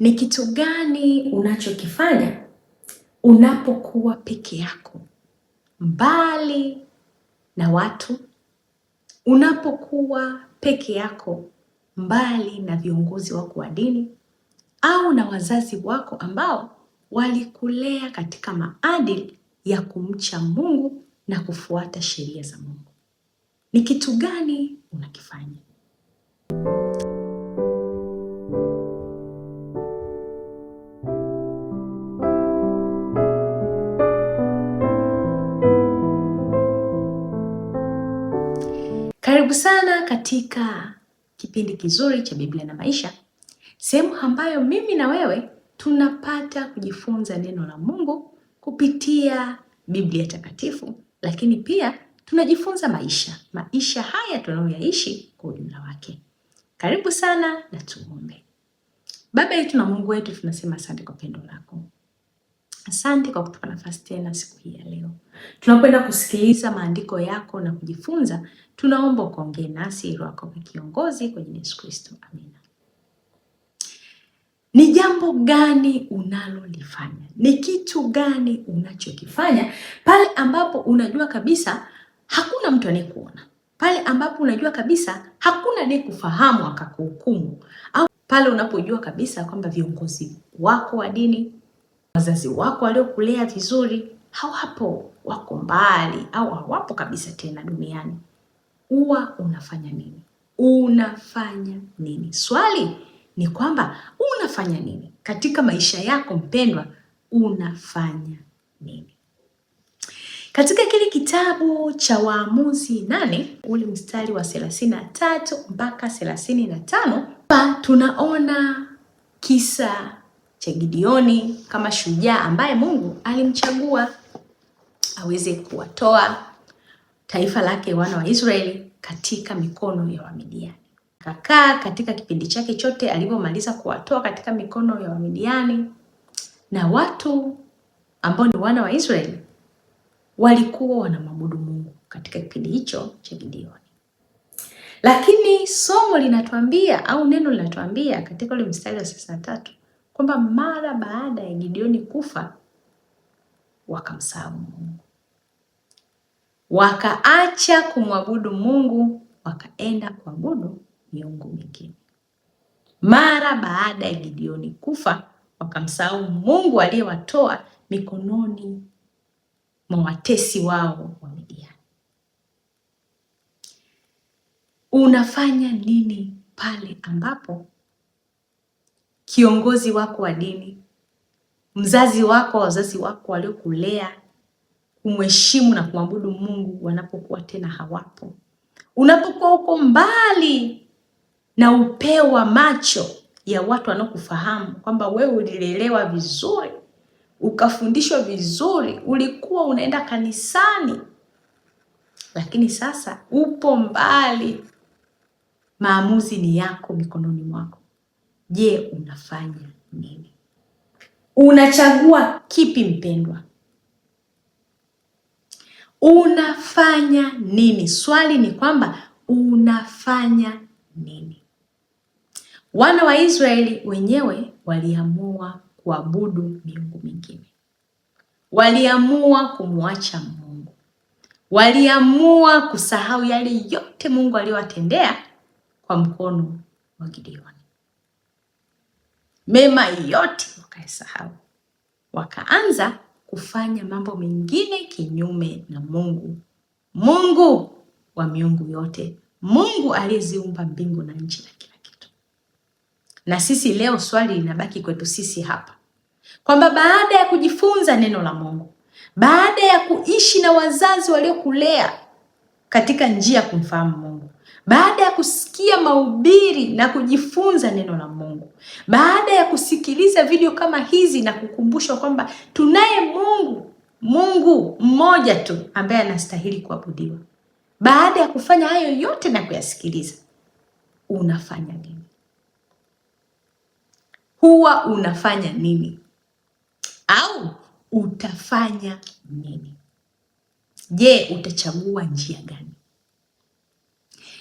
ni kitu gani unachokifanya unapokuwa peke yako, mbali na watu, unapokuwa peke yako, mbali na viongozi wako wa dini au na wazazi wako ambao walikulea katika maadili ya kumcha Mungu na kufuata sheria za Mungu? Ni kitu gani unakifanya? Karibu sana katika kipindi kizuri cha Biblia na Maisha, sehemu ambayo mimi na wewe tunapata kujifunza neno la Mungu kupitia Biblia Takatifu, lakini pia tunajifunza maisha, maisha haya tunayoyaishi kwa ujumla wake. Karibu sana na tuombe. Baba yetu na Mungu wetu, tunasema asante kwa pendo lako Asante kwa kutupa nafasi tena siku hii ya leo. Tunapoenda kusikiliza maandiko yako na kujifunza, tunaomba ukaongee nasi ili wako kwa kiongozi kwa jina Yesu Kristo. Amina. Ni jambo gani unalolifanya? Ni kitu gani unachokifanya pale ambapo unajua kabisa hakuna mtu anayekuona, pale ambapo unajua kabisa hakuna anayekufahamu akakuhukumu, au pale unapojua kabisa kwamba viongozi wako wa dini wazazi wako waliokulea vizuri hawapo, wako mbali au hawapo kabisa tena duniani, huwa unafanya nini? Unafanya nini? Swali ni kwamba unafanya nini katika maisha yako mpendwa, unafanya nini? Katika kile kitabu cha Waamuzi nane ule mstari wa thelathini na tatu mpaka thelathini na tano pa tunaona kisa cha Gideoni kama shujaa ambaye Mungu alimchagua aweze kuwatoa taifa lake wana wa Israeli katika mikono ya Wamidiani. Akakaa katika kipindi chake chote alivyomaliza kuwatoa katika mikono ya Wamidiani, na watu ambao ni wana wa Israeli walikuwa wanamwabudu Mungu katika kipindi hicho cha Gideoni. Lakini somo linatuambia au neno linatuambia katika ule mstari wa tatu kwamba mara baada ya Gideoni kufa wakamsahau Mungu, wakaacha kumwabudu Mungu, wakaenda kuabudu miungu mingine. Mara baada ya Gideoni kufa wakamsahau Mungu aliyewatoa mikononi mwa watesi wao wa Midiani. Unafanya nini pale ambapo kiongozi wako wa dini, mzazi wako, wazazi wako waliokulea, kumheshimu na kumwabudu Mungu wanapokuwa tena hawapo. Unapokuwa uko mbali na upeo wa macho ya watu wanaokufahamu kwamba wewe ulilelewa vizuri, ukafundishwa vizuri, ulikuwa unaenda kanisani, lakini sasa upo mbali. Maamuzi ni yako, mikononi mwako. Je, unafanya nini? Unachagua kipi mpendwa? Unafanya nini? Swali ni kwamba unafanya nini? Wana wa Israeli wenyewe waliamua kuabudu miungu mingine, waliamua kumwacha Mungu, waliamua kusahau yale yote Mungu aliyowatendea kwa mkono wa Gideoni mema yote wakaisahau, wakaanza kufanya mambo mengine kinyume na Mungu, Mungu wa miungu yote, Mungu aliyeziumba mbingu na nchi na kila kitu. Na sisi leo swali linabaki kwetu sisi hapa kwamba baada ya kujifunza neno la Mungu, baada ya kuishi na wazazi waliokulea katika njia ya kumfahamu baada ya kusikia mahubiri na kujifunza neno la Mungu, baada ya kusikiliza video kama hizi na kukumbushwa kwamba tunaye Mungu, Mungu mmoja tu ambaye anastahili kuabudiwa, baada ya kufanya hayo yote na kuyasikiliza, unafanya nini? Huwa unafanya nini au utafanya nini? Je, utachagua njia gani?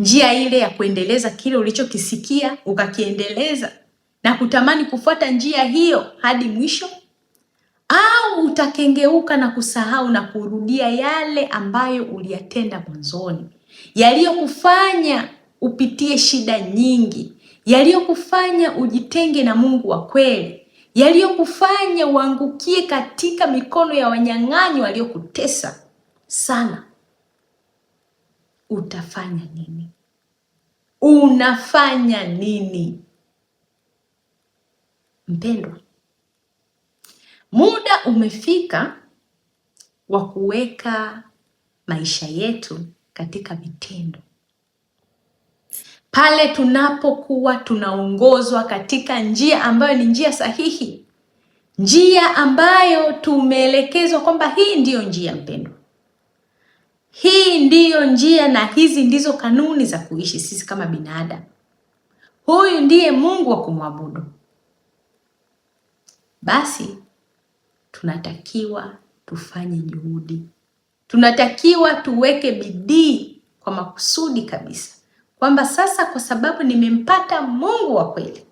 njia ile ya kuendeleza kile ulichokisikia ukakiendeleza na kutamani kufuata njia hiyo hadi mwisho, au utakengeuka na kusahau na kurudia yale ambayo uliyatenda mwanzoni, yaliyokufanya upitie shida nyingi, yaliyokufanya ujitenge na Mungu wa kweli, yaliyokufanya uangukie katika mikono ya wanyang'anyi waliokutesa sana. Utafanya nini? unafanya nini? Mpendwa, muda umefika wa kuweka maisha yetu katika vitendo. Pale tunapokuwa tunaongozwa katika njia ambayo ni njia sahihi, njia ambayo tumeelekezwa kwamba hii ndiyo njia, mpendwa, hii ndiyo njia na hizi ndizo kanuni za kuishi sisi kama binadamu. Huyu ndiye Mungu wa kumwabudu. Basi tunatakiwa tufanye juhudi, tunatakiwa tuweke bidii kwa makusudi kabisa, kwamba sasa, kwa sababu nimempata Mungu wa kweli,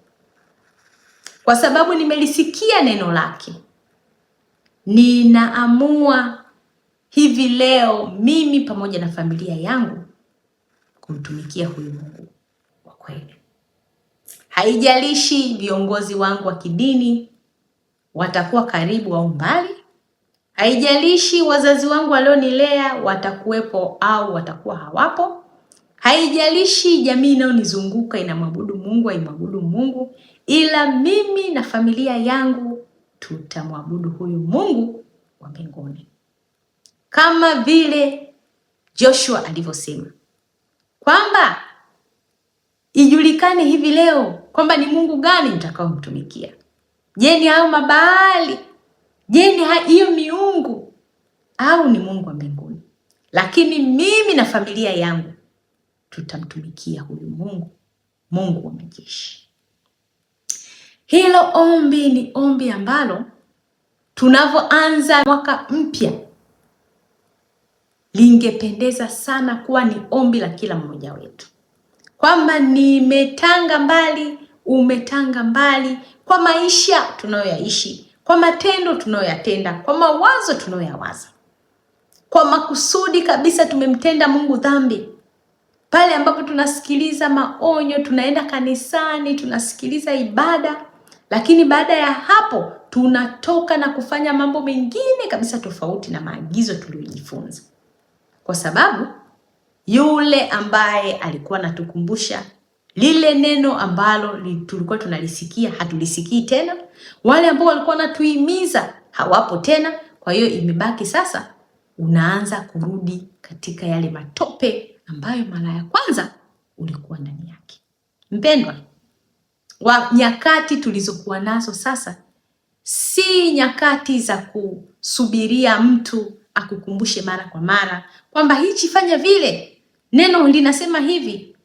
kwa sababu nimelisikia neno lake, ninaamua hivi leo mimi pamoja na familia yangu kumtumikia huyu Mungu wa kweli. Haijalishi viongozi wangu wa kidini watakuwa karibu au mbali, haijalishi wazazi wangu walionilea watakuwepo au watakuwa hawapo, haijalishi jamii inayonizunguka inamwabudu Mungu aimwabudu Mungu, ila mimi na familia yangu tutamwabudu huyu Mungu wa mbinguni kama vile Joshua alivyosema kwamba ijulikane hivi leo kwamba ni Mungu gani mtakaomtumikia. Je, ni hayo mabaali? Je, ni hiyo miungu au ni Mungu wa mbinguni? Lakini mimi na familia yangu tutamtumikia huyu Mungu, Mungu wa majeshi. Hilo ombi ni ombi ambalo tunavyoanza mwaka mpya lingependeza sana kuwa ni ombi la kila mmoja wetu, kwamba nimetanga mbali, umetanga mbali, kwa maisha tunayoyaishi, kwa matendo tunayoyatenda, kwa mawazo tunayoyawaza, kwa makusudi kabisa tumemtenda Mungu dhambi pale ambapo tunasikiliza maonyo, tunaenda kanisani, tunasikiliza ibada, lakini baada ya hapo tunatoka na kufanya mambo mengine kabisa tofauti na maagizo tuliyojifunza kwa sababu yule ambaye alikuwa anatukumbusha lile neno ambalo tulikuwa tunalisikia hatulisikii tena, wale ambao walikuwa wanatuhimiza hawapo tena. Kwa hiyo imebaki sasa, unaanza kurudi katika yale matope ambayo mara ya kwanza ulikuwa ndani yake. Mpendwa wa nyakati tulizokuwa nazo sasa, si nyakati za kusubiria mtu akukumbushe mara kwa mara kwamba hichi fanya vile, neno linasema hivi,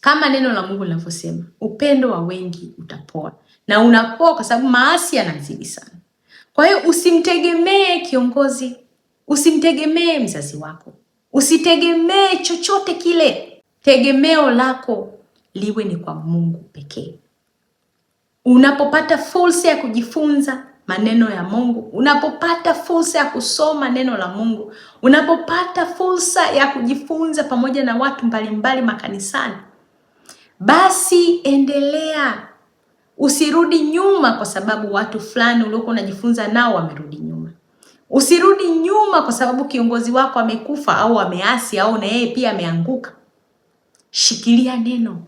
kama neno la Mungu linavyosema. Upendo wa wengi utapoa, na unapoa kwa sababu maasi yanazidi sana. Kwa hiyo usimtegemee kiongozi, usimtegemee mzazi wako, usitegemee chochote kile. Tegemeo lako liwe ni kwa Mungu pekee. Unapopata fursa ya kujifunza maneno ya Mungu, unapopata fursa ya kusoma neno la Mungu, unapopata fursa ya kujifunza pamoja na watu mbalimbali makanisani, basi endelea, usirudi nyuma kwa sababu watu fulani uliokuwa unajifunza nao wamerudi nyuma. Usirudi nyuma kwa sababu kiongozi wako amekufa au ameasi au na yeye pia ameanguka. Shikilia neno,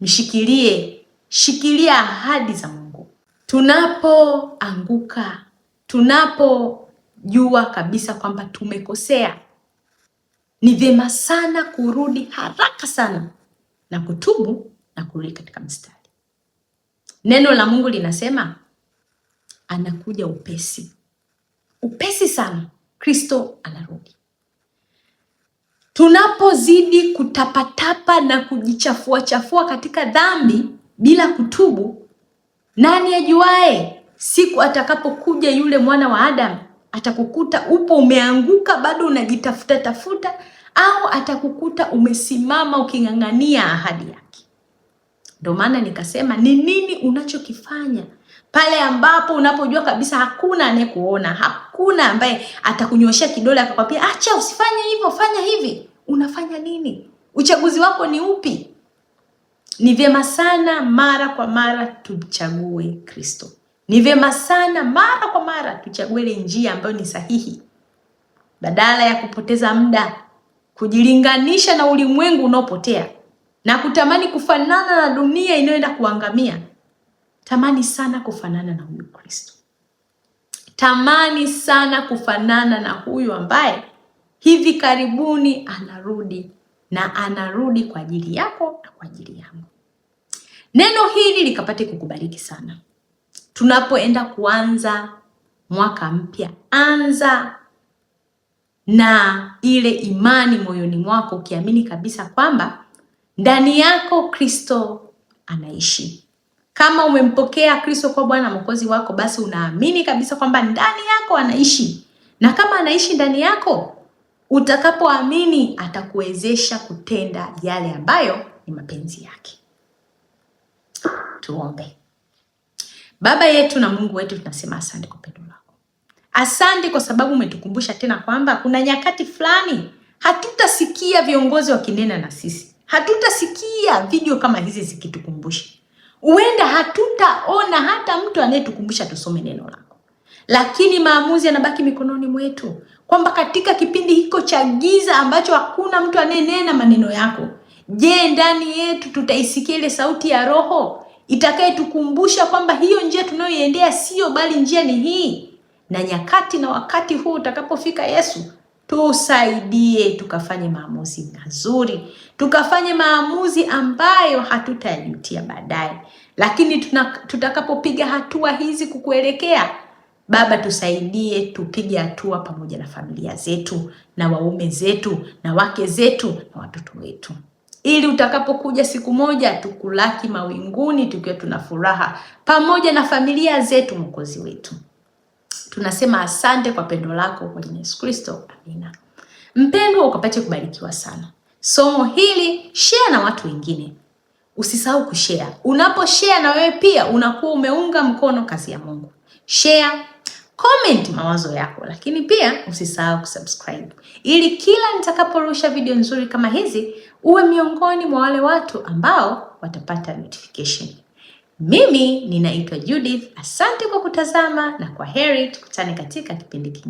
mshikilie, shikilia ahadi za Mungu tunapoanguka, tunapojua kabisa kwamba tumekosea, ni vyema sana kurudi haraka sana na kutubu na kurudi katika mstari. Neno la Mungu linasema anakuja upesi, upesi sana. Kristo anarudi. Tunapozidi kutapatapa na kujichafua chafua katika dhambi bila kutubu, nani ajuae siku atakapokuja yule mwana wa Adamu atakukuta upo umeanguka bado unajitafuta tafuta, au atakukuta umesimama uking'ang'ania ahadi yake. Ndio maana nikasema ni nini unachokifanya pale ambapo unapojua kabisa hakuna anayekuona, hakuna ambaye atakunyoshea kidole akakwambia acha, usifanye hivyo, fanya hivi. Unafanya nini? Uchaguzi wako ni upi? Ni vyema sana mara kwa mara tumchague Kristo. Ni vyema sana mara kwa mara tuchague ile njia ambayo ni sahihi, badala ya kupoteza muda kujilinganisha na ulimwengu unaopotea na kutamani kufanana na dunia inayoenda kuangamia. Tamani sana kufanana na huyu Kristo, tamani sana kufanana na huyu ambaye hivi karibuni anarudi na anarudi kwa ajili yako na kwa ajili yangu. Neno hili likapate kukubariki sana. Tunapoenda kuanza mwaka mpya, anza na ile imani moyoni mwako, ukiamini kabisa kwamba ndani yako Kristo anaishi. Kama umempokea Kristo kwa Bwana Mwokozi wako, basi unaamini kabisa kwamba ndani yako anaishi, na kama anaishi ndani yako, utakapoamini atakuwezesha kutenda yale ambayo ni mapenzi yake. Tuombe. Baba yetu na Mungu wetu, tunasema asante kwa pendo lako, asante kwa sababu umetukumbusha tena kwamba kuna nyakati fulani hatutasikia viongozi wakinena na sisi, hatutasikia video kama hizi zikitukumbusha, huenda hatutaona hata mtu anayetukumbusha tusome neno lako, lakini maamuzi yanabaki mikononi mwetu, kwamba katika kipindi hiko cha giza ambacho hakuna mtu anayenena maneno yako, je, ndani yetu tutaisikia ile sauti ya Roho itakayetukumbusha kwamba hiyo njia tunayoiendea sio bali njia ni hii. Na nyakati na wakati huu utakapofika, Yesu tusaidie, tukafanye maamuzi mazuri, tukafanye maamuzi ambayo hatutayajutia baadaye. Lakini tutakapopiga hatua hizi kukuelekea Baba, tusaidie tupige hatua pamoja na familia zetu na waume zetu na wake zetu na watoto wetu ili utakapokuja siku moja tukulaki mawinguni tukiwa tuna furaha pamoja na familia zetu, Mwokozi wetu. Tunasema asante kwa pendo lako kwenye Yesu Kristo, amina. Mpendwa, ukapate kubarikiwa sana. Somo hili share na watu wengine, usisahau kushare. Unaposhare na wewe pia unakuwa umeunga mkono kazi ya Mungu. Share Comment mawazo yako, lakini pia usisahau kusubscribe ili kila nitakaporusha video nzuri kama hizi uwe miongoni mwa wale watu ambao watapata notification. Mimi ninaitwa Judith, asante kwa kutazama na kwa heri, tukutane katika kipindi kingine.